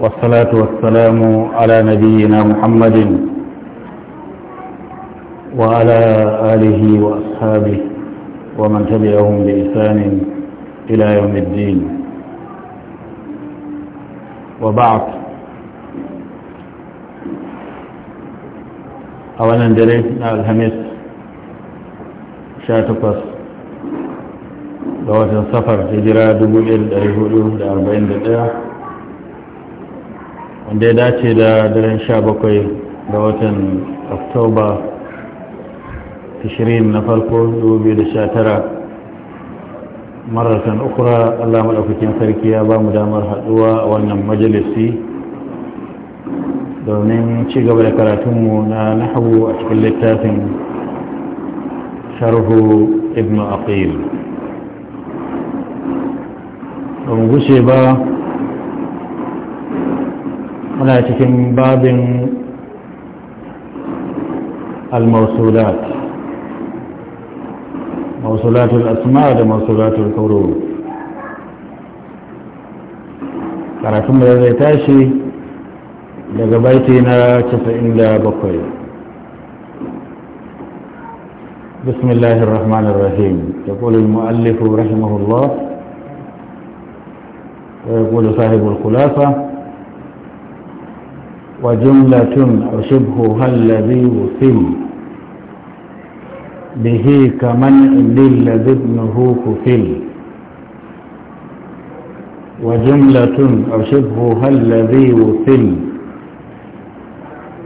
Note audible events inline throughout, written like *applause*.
والصلاة والسلام على نبينا محمد وعلى آله وأصحابه ومن تبعهم بإحسان إلى يوم الدين وبعد أولا دريتنا الهمس شاتقص ga watan safar hijira 1441 wanda ya dace da daren 17 ga watan oktoba 20 na farko 2019 mararkan ukura allah maɗaukakin sarki ya ba mu damar haɗuwa a wannan majalisi domin ci gaba da karatunmu na nahawu a cikin littafin sharhu ibn aqil ban gushe ba muna cikin babin al-mausulat mausulatul asma da mausulatul kauro karatun da zai tashi daga baiti na 97 بسم الله الرحمن الرحيم يقول المؤلف رحمه الله يقول صاحب الخلافة وجملة أشبهها الذي وثم به كمن للذي ابنه كفل وجملة أشبهها الذي وثم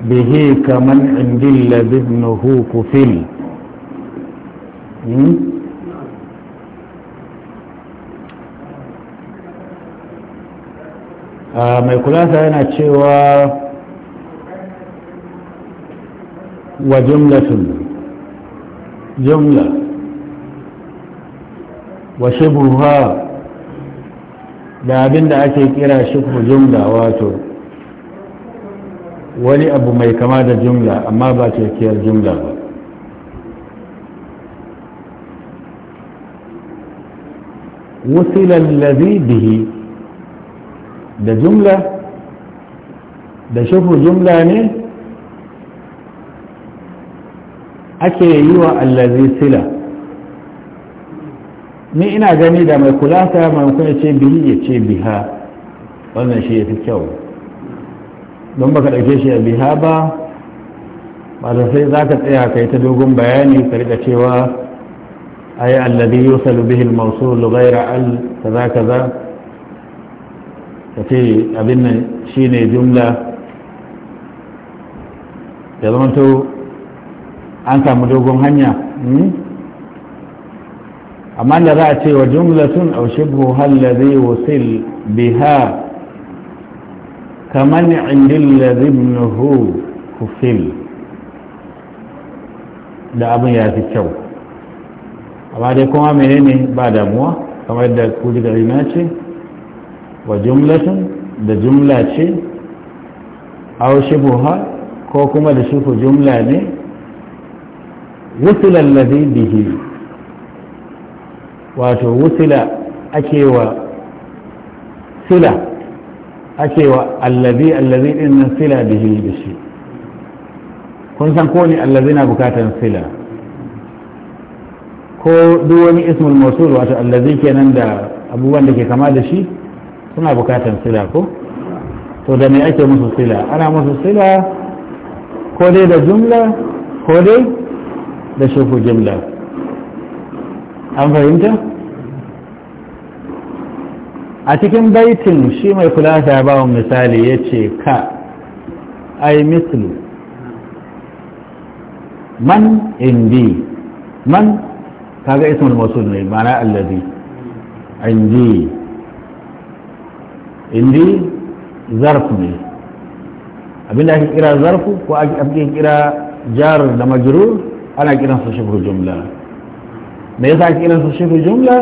به كمن عند ابنه كفل mai kulasa yana cewa wa jumlatun jumla wa shibuha da abin ake kira shibu jumla wato wani abu mai kama da jimla amma ba kiyar jumla ba wusilan lazi bihi da jumla da jumla ne ake yi wa allazi sila ni ina gani da mai kulasa maimakon ya ce bihi ya ce biha wannan shi ya fi kyau don baka ɗauke shi a biha ba ba da sai za ka tsaya kai ta dogon bayani ka rika cewa ayi allazi yusalu bihi al-mawsul ghayra al kaza kaza ka ce abin nan shi ne jumla ya zama to an samu dogon hanya hmm? amma da za a ce wa jumla jumlatun au shibhu hallazi wasil biha kaman indil ladhi ku kufil da abin ya fi kyau amma dai kuma menene ba damuwa kamar da kuji gari na ce wa jumlatan da jumla ce aw shibuha ko kuma da shi jumla ne wusila alladhi bihi wato wusila ake wa sila ake wa alladhi alladhi din sila bihi da shi kun san ko ne alladhi na bukatan sila ko duk wani ismul mausul wato alladhi kenan da abubuwan da ke kama da shi suna bukatan sila ko to da me ake musu sila ana musu sila ko dai da jumla ko dai da shuku jumla an fahimta a cikin baitin shi mai kula ta bawon misali ya ce ka ai mislu man indi man kaga ismul masul ne mana allazi indi indi zarf ne abinda ake kira zarfu ko ake kira jar da majiru, ana kiran su shibru jumla me yasa ake kiran su shibru jumla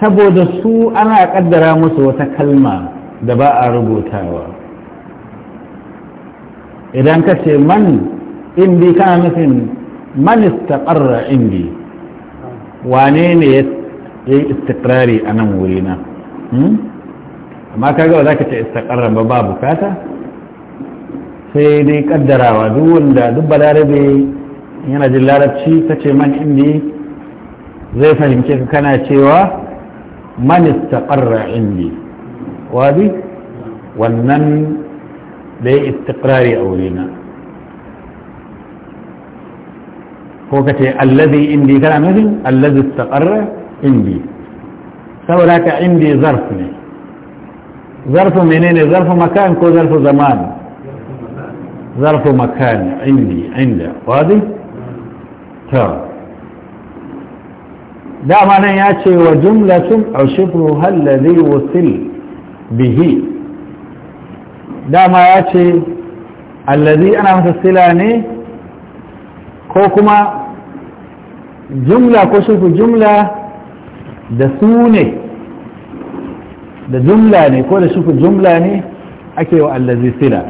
saboda su ana kaddara musu wata kalma da ba a rubutawa idan ka ce man indi kana nufin man istaqarra indi wane ne ya yi istiqrari a nan wurina hmm? amma ka ba za ka ce istakarra ba ba bukata sai dai kaddarawa duk wanda duk balarabe yana jin larabci ka ce man indi zai fahimce ka kana cewa man istakarra indi wadi wannan da ya istikrari a wurina ko ka ce allazi indi kana nufin allazi istakarra indi saboda ka indi zarf ne zarfu menene zarfu makan ko zarfu zaman zarfu makan indi inda wadi ta dama nan ya ce wa jumlatun ashifru halladhi wusil bihi dama ya ce alladhi ana masa sila ne ko kuma jumla ko shifu jumla da su ne da jumla ne ko da shufu jumla ne ake wa allazi sila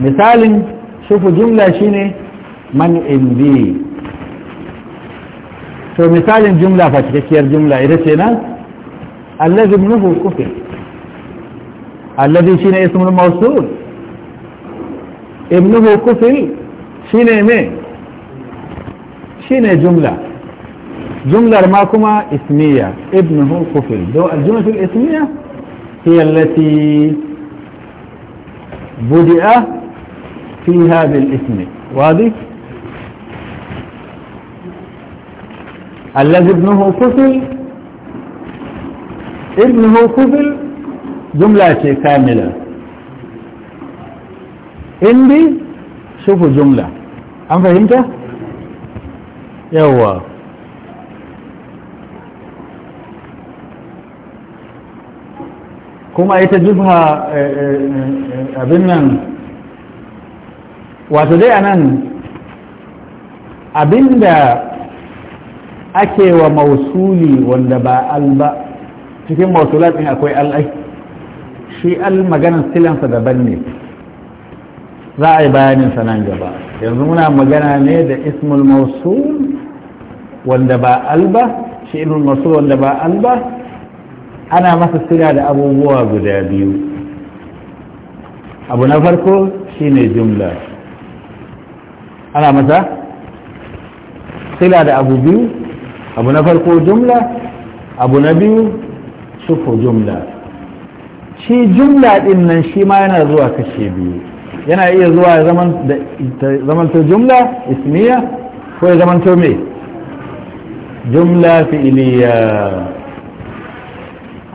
misalin shufu jumla shine man indi to misalin jumla fa cikakkiyar jumla ita ce nan allazi nuhu kufi allazi shine ismul mawsul ibnuhu kufi shine me shine jumla جملة رماكما اسمية ابنه قفل الجملة الاسمية هي التي بدأ فيها بالاسم واضح الذي ابنه قفل ابنه قفل جملة كاملة اندي شوفوا جملة أم فهمت؟ يوه kuma ita jubha eh, eh, eh, abin nan wato dai anan abinda ake wa mausuli wanda ba al ba cikin mausulat ɗin akwai al'ai shi al maganin silansa daban ne za a yi bayanin sanan gaba yanzu muna magana ne da ismul mausul wanda ba al ba shi ilmul mausul wanda ba al ba ana masa sila da abubuwa guda biyu abu na farko shine jumla ana masa sila da abu biyu abu na farko jumla abu na biyu sufu jumla shi jumla din nan shi ma yana zuwa kashe biyu yana iya zuwa zamanto jumla ismiya ko ya zamanto mai jumla fi'iliya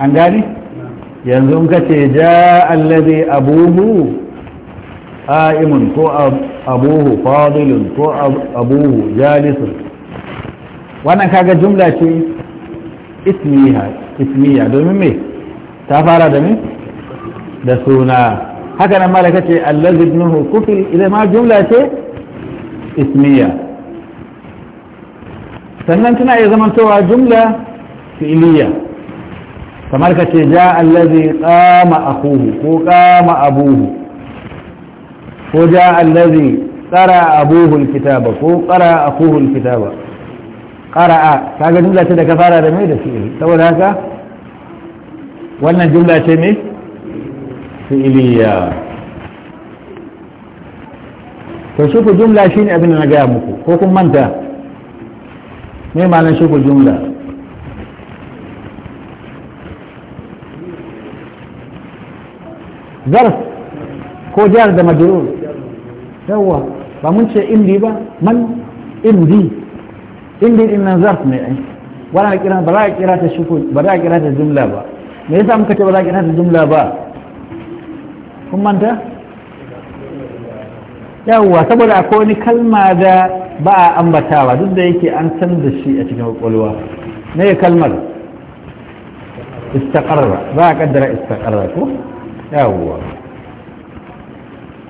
an gani yanzu in kace ja allazi abuhu qa'imun ko abuhu fadilun ko abuhu jalisun wannan kaga jumla ce ismiha ismiya domin me ta fara da me da suna haka nan malaka ce allazi ibnuhu kufil idan ma jumla ce ismiya sannan tana iya zamantowa jumla filiya. kamar ka ce ja allazi qama akuhu ko qama abuhu ko ja allazi qara abuhu alkitaba ko qara akuhu alkitaba qara'a kaga jumla ce da ka fara da mai da fi'ili saboda haka wannan jumla ce ne fi'iliya to shuku jumla shine abin da na gaya muku ko kun manta me malan shuku jumla zarf ko jar da majrur Yawwa ba mun ce indi ba man indi indi din nan zarf ne ai wala kira ba za a kira ta shuku ba za a kira ta jumla ba me yasa muka ce ba za a kira ta jumla ba kun manta Yawwa saboda akwai wani kalma da ba a ambatawa duk da yake an san da shi a cikin kwakwalwa ne kalmar Istak'arra. استقر باع istak'arra ko? yawwa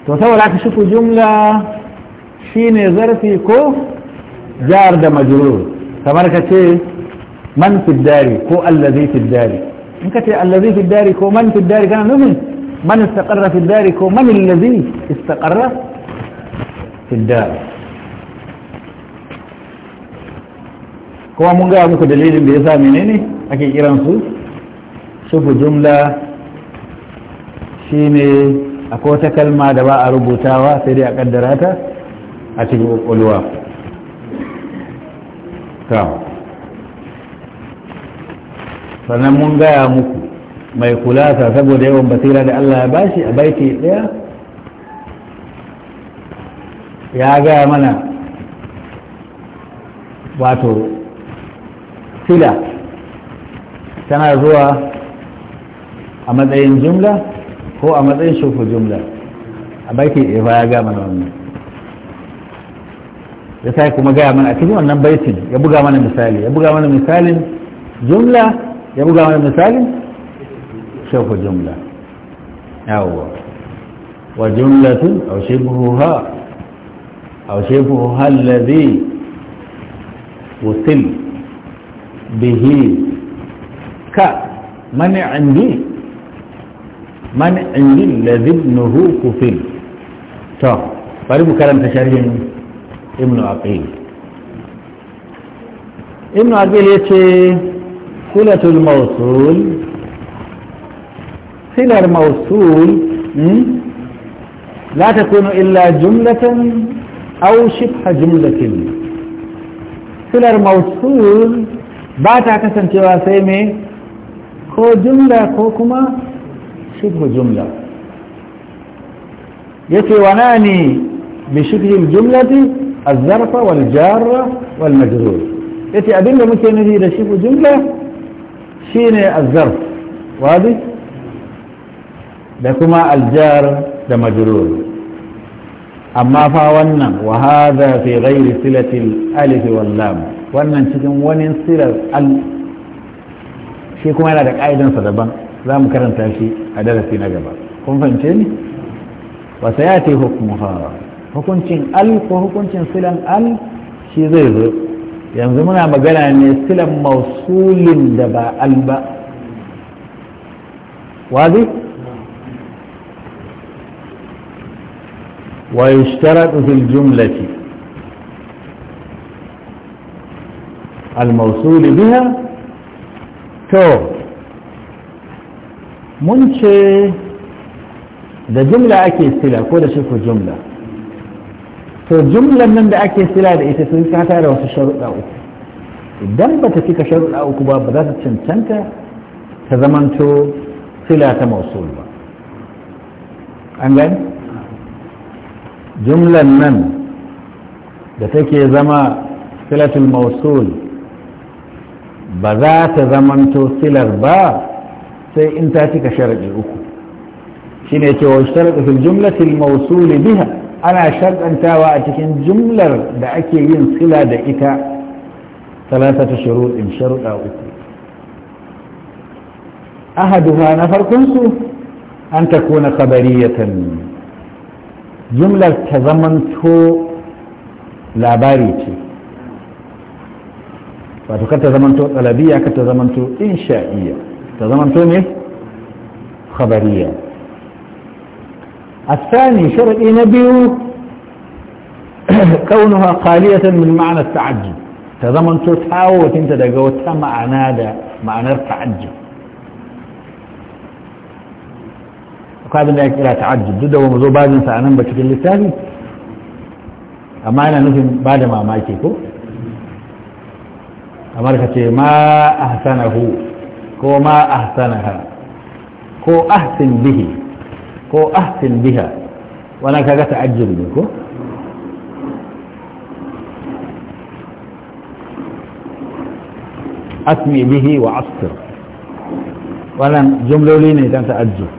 to saboda aka shi jumla shine zarfi ko jar da majrur kamar ka ce man fi dari ko allazi fi dari in ka ce allazi fi dari ko man fi dari kana nufin man istaqarra fi dari ko man allazi istaqarra fi dari kuma mun ga muku dalilin da yasa menene ake kiransu shufu jumla shine akwai wata kalma da ba a rubutawa sai dai a kaddara ta a cikin kwakwalwa sannan mun gaya muku mai kulasa saboda yawan basira da allah ya bashi a baiti daya ya gaya mana wato fila tana zuwa a matsayin jumla ko a matsayin shufu jumla a baiti ɗaya ba ya ga mana wannan ya sai kuma gaya mana a cikin wannan baitin ya buga mana misali ya buga mana misalin jumla ya buga mana misalin shufu jumla yawwa wa jumlatun aw shibhuha aw shibhuha alladhi wusil bihi ka mani indi من عند الذي ابنه كفل طب قريب كلام تشريع ابن عقيل ابن عقيل يتشي خلة الموصول خلة الموصول لا تكون إلا جملة أو شبه جملة خلة الموصول بعد عكسا تواسيمي كو جملة كو كما shibhu jumla yace wanani bi shibhi al-jumlati az-zarfa wal-jarra wal-majrur yace abinda muke nufi da shibhu jumla shine az-zarf wadi da kuma al-jar da majrur amma fa wannan wa hadha fi ghairi silati al-alif wal-lam wannan cikin wani silar al shi kuma yana da ka'idansa daban za mu karanta shi a darasi na gaba kun fahimce ni wa sayati hukmuha hukuncin al ko hukuncin silan al shi zai zo yanzu muna magana ne silan mausulin da ba al ba wazi ويشترط في الجملة الموصول بها تو mun ce da jumla ake sila ko da shi ko jumla to jumlan nan da ake sila da ita sun kata da wasu sharuɗa uku idan ba ta cika sharuɗa uku ba ba za ta cancanta ta zamanto sila ta mausul ba an gani jumlan nan da take zama silatul mausul ba za ta zamanto silar ba sai in ta cika sharaɗi uku shine ce wa sharaɗi fil jumlatil mawsuli biha ana sharɗantawa a cikin jumlar da ake yin sila da ita talatata shuruɗin sharuɗa uku ahaduha na farkon su an ta takuna khabariyatan jumlar ta zamanto labari ce wato kar ta zamanto tsalabiya kar ta zamanto insha'iyya تضمنتم ايه خبرية الثاني شرعي نبيه *clears throat* كونها خالية من معنى التعجب تضمنتو تاو وتنت دقوتها معنى ده معنى التعجب وقال لك لا تعجب ضده ومزو بعد سعنان بشكل للتالي أما أنا نفهم بعد ما مايكيكو أمريكا ما أحسنه ko ma ahsanaha ko ahsin bihi ko ahsin biha wannan kaga ta'ajjub ne ko asmi bihi wa asfir wannan jumloli ne don ta'ajju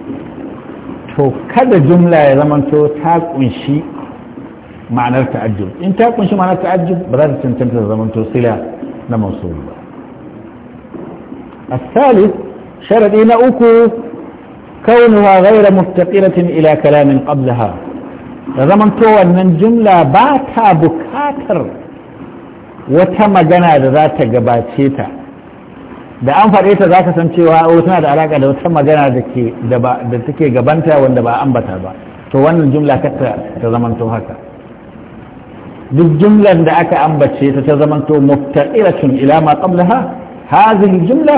to kada jumla ya zamanto ta kunshi ma'anar ta'ajjub in ta kunshi ma'anar ta'ajjub ba za ta cancanta zamanto sila na masu. ba الثالث شرطي نأكو كونها غير مفتقرة إلى كلام قبلها زمن تو من جملة باتا بكاتر وتمجنا ذات جباتيتا da an faɗe ta za ka san cewa o tana da alaƙa da wata magana da take gabanta wanda ba ambata ba to wannan jumla kata ta zamanto haka duk jumlan da aka ambace ta ta zamanto mufta'iratun ila ma qablaha hadhihi jumla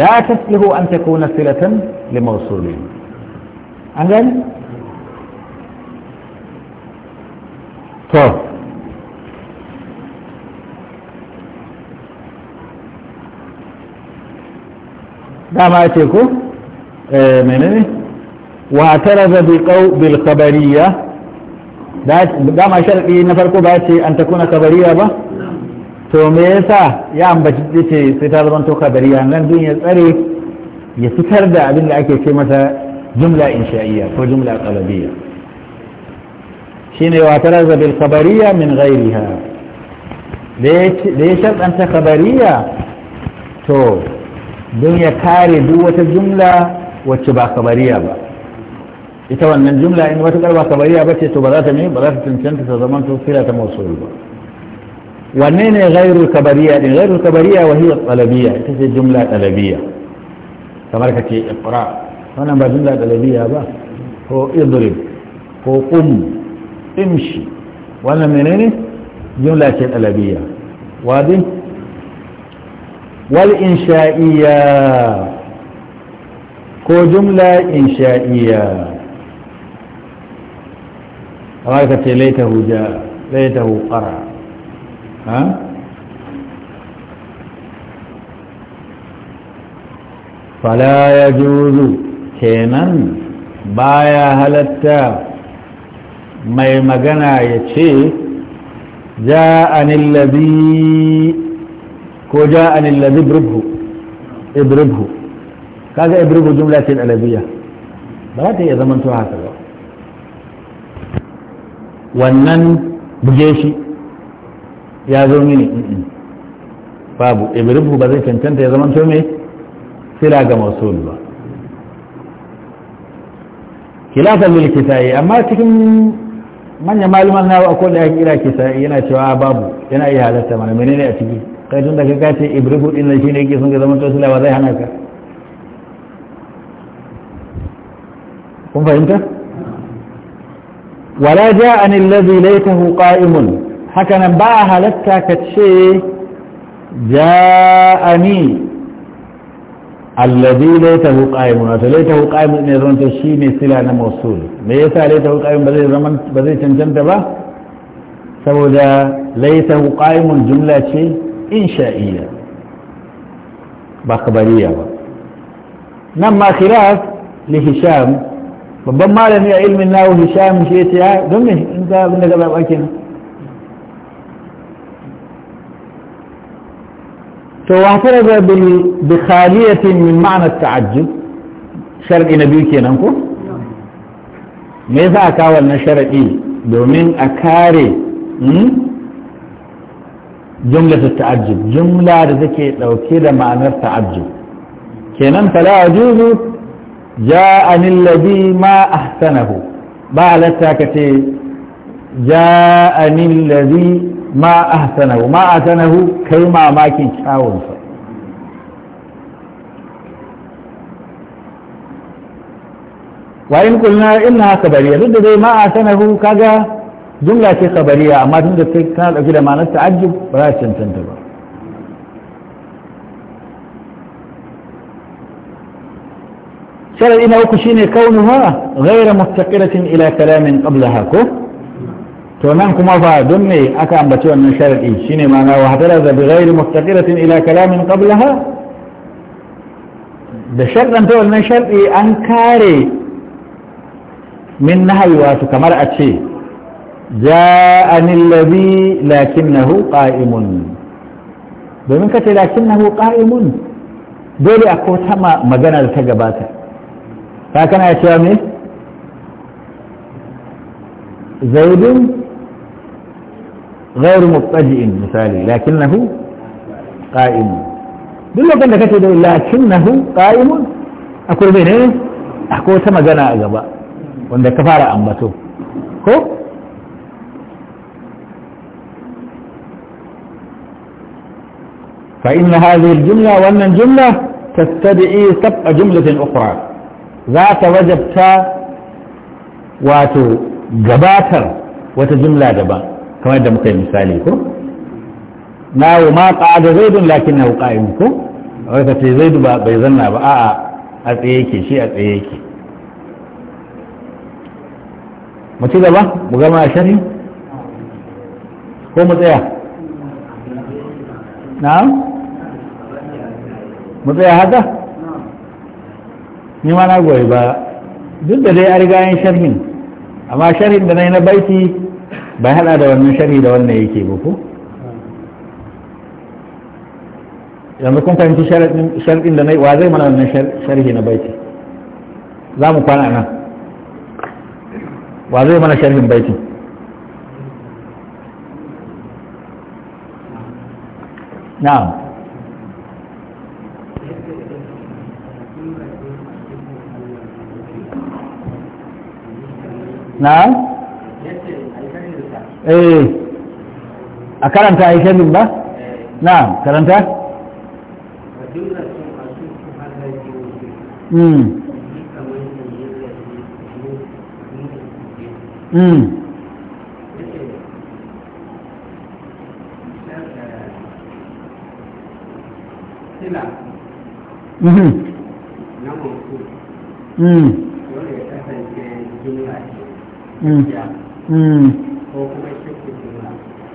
لا تسله أن تكون صلة لموصولين عندنا طب دعما نعم، أتيكو اه منني واعترض بقو بالخبرية دعما شرقي نفرقو بأتي أن تكون خبرية بأ to me yasa ya ambaci ce sai ta zama toka to ya nan din ya tsare ya fitar da abin da ake ce masa jumla insha'iyya ko jumla qalabiyya shine wa taraza bil khabariyya min ghayriha da ya ta khabariyya to don ya kare duk wata jumla wacce ba khabariyya ba ita wannan jumla in wata karba khabariyya ba ce to ba za ta ne ba za ta cancanta ta zama to sai ta mausul ba ونين غير الكبرية غير الكبرية وهي الطلبية تسي جملة طلبية تمركة اقراء فانا ما جملة طلبية با هو اضرب هو قم امشي وانا منين جملة طلبية وادي والإنشائية كو جملة إنشائية تمركة ليته جاء ليته قرأ ha fala ya juzu kenan baya halatta mai magana ya ce za ja'anin labi ko za ja'anin labi ibribhu kaga ibribhu jumla ce alabiya ba za ta iya zamanto haka ba wannan buge shi ya zo mini babu ibribu ba zai cancanta ya zama mai sila ga mausul ba khilafan lil kisa'i amma cikin manyan maluman nawa akwai da ake kira kisa'i yana cewa babu yana iya halatta mana mene ne a ciki kai tun da ka kace Ibrahim din nan shine yake sun ga zaman sila ba zai hana ka kun fahimta wala ja'ani alladhi laytahu qa'imun haka nan ba a halatta ka ce ja'ani allazi laitahu qa'imun wato laitahu qa'imun ne zan ta shine sila na mausul me yasa laitahu qa'imun ba zai zaman ba zai cancanta ba saboda laitahu qa'imun jumla ce insha'iyya ba kabariya ba nan ma khilaf li hisham babban malami a ilmin nawo hisham shi ya ce don me in ka abin da gaba kenan to wafarar da bi khaliyatin min ma'anar ta'ajjub shar'i na biyu kenan ko me yasa a kawo na sharaɗi domin a kare hmm, jumla ta ta'ajjub jumla da take ɗauke da ma'anar ta'ajjub kenan fala ajuzu ja'ani alladhi ma ba ma ahsanahu ma ahsanahu kai mamakin kyawunsa wa in kulna inna kabariya duk da dai ma ahsanahu kaga jumla ce kabariya amma tun da kai kana dauki da ma'anar ta'ajjub ba za ka cancanta ba sharadi na uku shine kaunuha ghayra muftaqiratin ila kalamin qablaha ko to nan kuma fa don ne aka ambaci wannan sharadi shine ma'ana wa hadara da bighairi mustaqiratin ila kalamin qablaha da sharɗan ta wannan sharɗi an kare min nahayi su kamar a ce ja'anil ladhi lakinnahu qa'imun domin kace lakinnahu qa'imun dole a ta magana da ta gabata ta kana cewa me zaidun غairu mutsaji'in misali lakinnahu qa'imun duk lokacin da kake da lakinnahu qa'imun akwai mene akwai wata magana a gaba wanda ka fara ambato ko فإن هذه الجملة وأن الجملة تستدعي سبع za ta wajabta wato gabatar wata وتجملة daban. kamar da muka yi misali ko na ma qa'ada zaidun lakinnahu qa'im ko a wata ce zaidu ba bai zanna ba a'a a tsaye yake shi a tsaye yake mu ci gaba mu gama shari ko mu tsaya na mu tsaya haka ni ma na goyi ba duk da dai a riga yin sharhin amma sharhin da na yi na baiti ba hada da wannan shari da wannan yake ba ko yanzu kun fahimci sharɗin da na wa zai mana wannan sharhi na baiti za mu kwana nan wa zai mana sharhin baiti na'am na'am eh a karanta ya kemin ba na karanta mm mm Mm-hmm. Mm. Mm. Mm.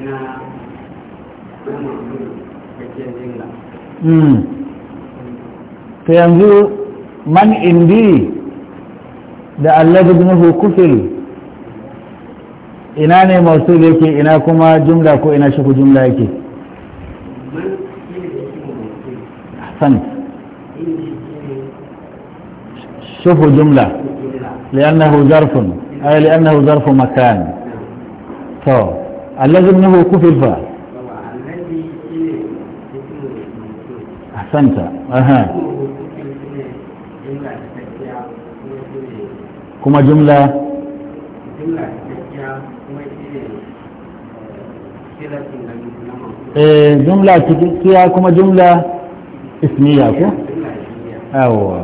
na ta hmm. yanzu man indi da allabi nuhu kufil ina ne da yake ina kuma jumla ko ina shuku jumla yake san shuku jumla li'annahu zarfun ay li'annahu zarfu makan to allazi minhu kufir fa ahsanta aha kuma jumla jumla cikakkiya kuma jumla ismiya ko? yawa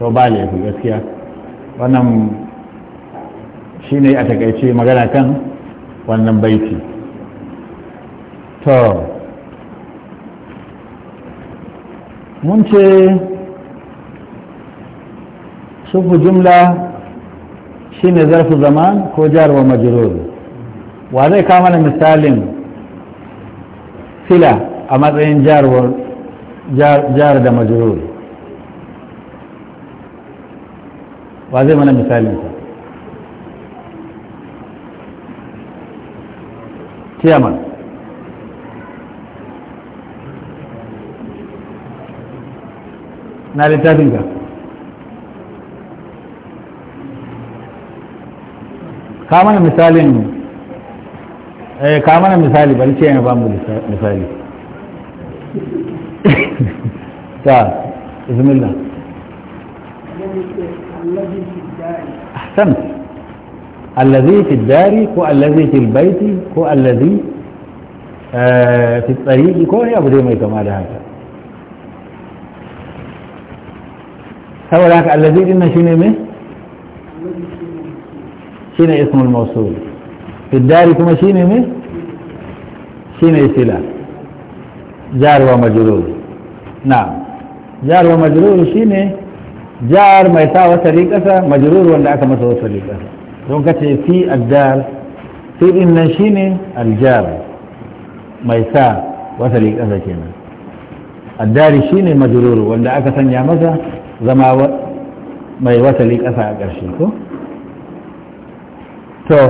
to ba laifi gaskiya wannan shi ne a takaice magana kan wannan baiti to mun ce sufu jumla shi ne zarfi zaman ko jar wa majrur wa zai kama na misalin fila a matsayin jar da majrur wa zai mana misalin chairman na littafin ka mana misalin eh ka misali bari ce yana ba mu misali *coughs* ta bismillah الذي في الدار كو الذي في البيت كو الذي آه، في الطريق كو يا أبو دي كما ده هذا سوى لك الذي إن شنو من شنو اسم الموصول في الدار كما شنو من شنو سلا جار ومجرور نعم جار ومجرور شنو جار ما يساوى طريقة مجرور ولا أكمل سوى طريقة don ka ce fi addal fi din nan shine aljar mai sa wasali kasa kenan addari shine majrur wanda aka sanya masa zama mai wasali kasa a ƙarshe ko to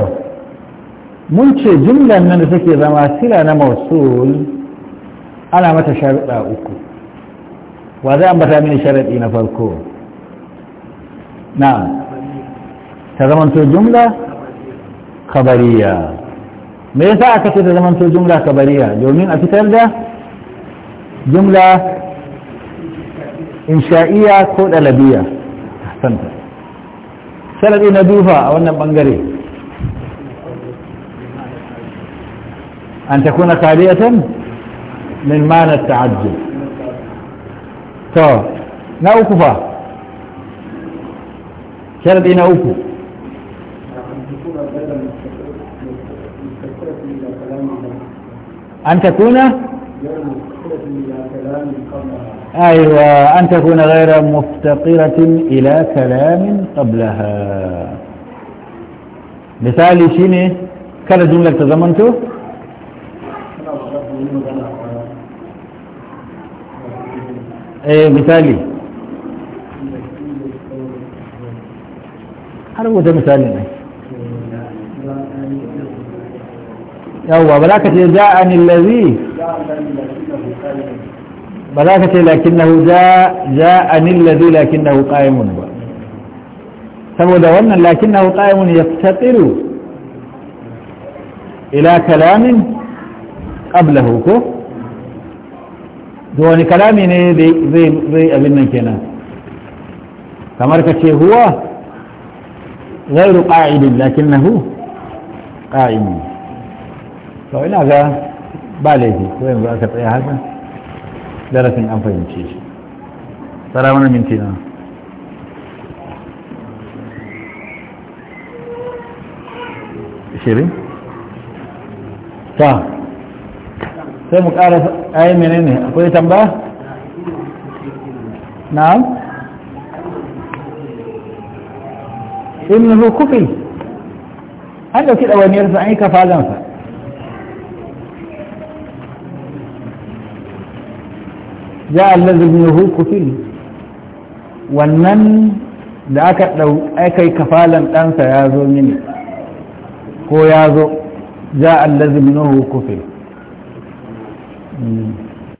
mun ce jumlan nan da take zama sila na mausul ana mata sharuɗa uku wa zai ambata mini sharaɗi na farko na'am تزمنتو جملة خبرية ماذا يساعدك تزمنتو جملة خبرية جميل أتتر ده جملة إنشائية كود ألبية أحسنت شرد دوفا إيه أو أن بنجري أن تكون خالية من معنى التعجب طيب، نأوكفا نأكفة إيه شرد نأكفة أن تكون أيوة أن تكون غير مفتقرة إلى كلام قبلها مثالي شيني كلا جملة تزمنته ايه مثالي أنا هو ده مثالي yawwa ba za ka ce za a nilazi ba za ka ce lakin na za a nilazi lakin na hukayemun ba saboda wannan lakin na hukayemun ya fi tatsiru ila kalamin ƙablahu ko da wani kalami ne zai abin nan kenan kamar ka ce huwa zai غير قاعد لكنه قائم kawai na ga ba laifi ko yanzu aka tsaya haka darasin an fahimci shi tsara mana minti na shirin ta sai mu ƙara ayi ne akwai tambaya na'am innahu hukufi an dauki ɗawainiyarsa an yi kafalansa ja allazi yuhuku fil wannan da aka dau aka kafalan ɗansa ya zo mini ko ya zo ja allazi yuhuku fil hmm.